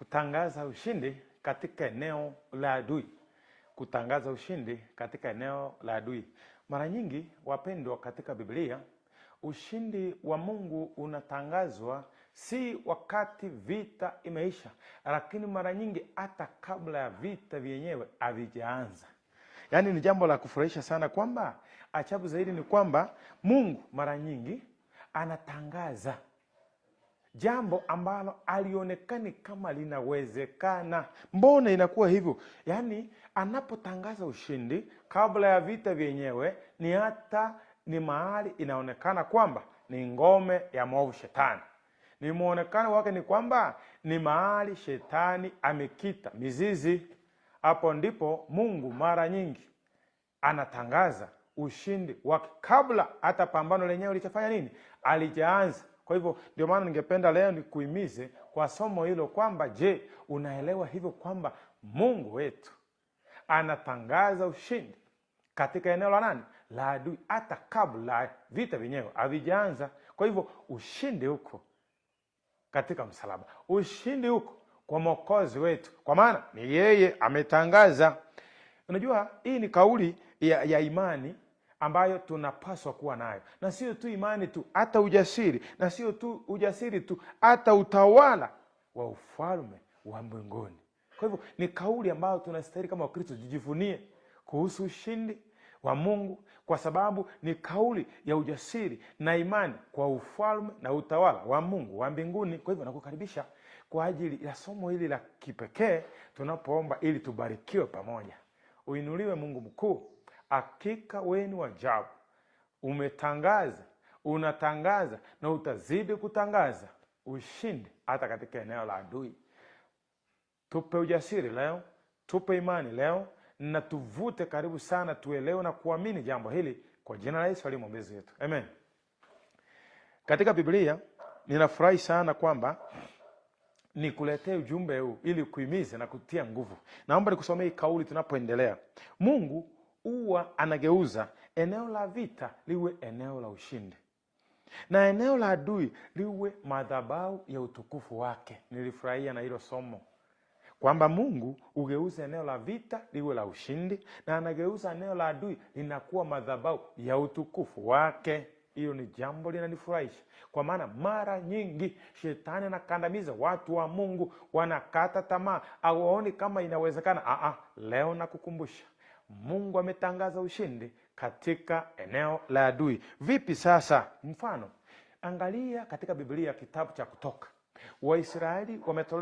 kutangaza ushindi katika eneo la adui, kutangaza ushindi katika eneo la adui. Mara nyingi, wapendwa katika Biblia, ushindi wa Mungu unatangazwa si wakati vita imeisha, lakini mara nyingi hata kabla ya vita vyenyewe havijaanza. Yaani ni jambo la kufurahisha sana kwamba ajabu zaidi ni kwamba Mungu mara nyingi anatangaza jambo ambalo alionekani kama linawezekana. Mbona inakuwa hivyo? Yaani, anapotangaza ushindi kabla ya vita vyenyewe, ni hata ni mahali inaonekana kwamba ni ngome ya mwovu Shetani, ni mwonekano wake ni kwamba ni mahali Shetani amekita mizizi. Hapo ndipo Mungu mara nyingi anatangaza ushindi wake kabla hata pambano lenyewe lichafanya nini, alijaanza kwa hivyo ndio maana ningependa leo nikuimize kwa somo hilo kwamba, je, unaelewa hivyo kwamba Mungu wetu anatangaza ushindi katika eneo la nani la adui, hata kabla vita vyenyewe havijaanza. Kwa hivyo ushindi huko katika msalaba, ushindi huko kwa mwokozi wetu, kwa maana ni yeye ametangaza. Unajua, hii ni kauli ya, ya imani ambayo tunapaswa kuwa nayo, na sio tu imani tu, hata ujasiri, na sio tu ujasiri tu, hata utawala wa ufalme wa mbinguni. Kwa hivyo ni kauli ambayo tunastahili kama Wakristo tujivunie kuhusu ushindi wa Mungu, kwa sababu ni kauli ya ujasiri na imani kwa ufalme na utawala wa Mungu wa mbinguni. Kwa hivyo nakukaribisha kwa ajili ya somo hili la kipekee tunapoomba ili tubarikiwe pamoja. Uinuliwe Mungu mkuu Hakika wewe ni wajabu, umetangaza, unatangaza na utazidi kutangaza ushindi hata katika eneo la adui. Tupe ujasiri leo, tupe imani leo, na tuvute karibu sana, tuelewe na kuamini jambo hili kwa jina la Yesu aliye mwombezi wetu, amen. Katika Biblia ninafurahi sana kwamba nikuletee ujumbe huu ili kuhimiza na kutia nguvu. Naomba nikusomee kauli tunapoendelea. Mungu huwa anageuza eneo la vita liwe eneo la ushindi na eneo la adui liwe madhabau ya utukufu wake. Nilifurahia na hilo somo kwamba Mungu ugeuza eneo la vita liwe la ushindi, na anageuza eneo la adui linakuwa madhabau ya utukufu wake. Hiyo ni jambo linanifurahisha, kwa maana mara nyingi shetani anakandamiza watu wa Mungu, wanakata tamaa, awaoni kama inawezekana. leo nakukumbusha Mungu ametangaza ushindi katika eneo la adui. Vipi sasa? Mfano, angalia katika Biblia, kitabu cha Kutoka, Waisraeli wametolewa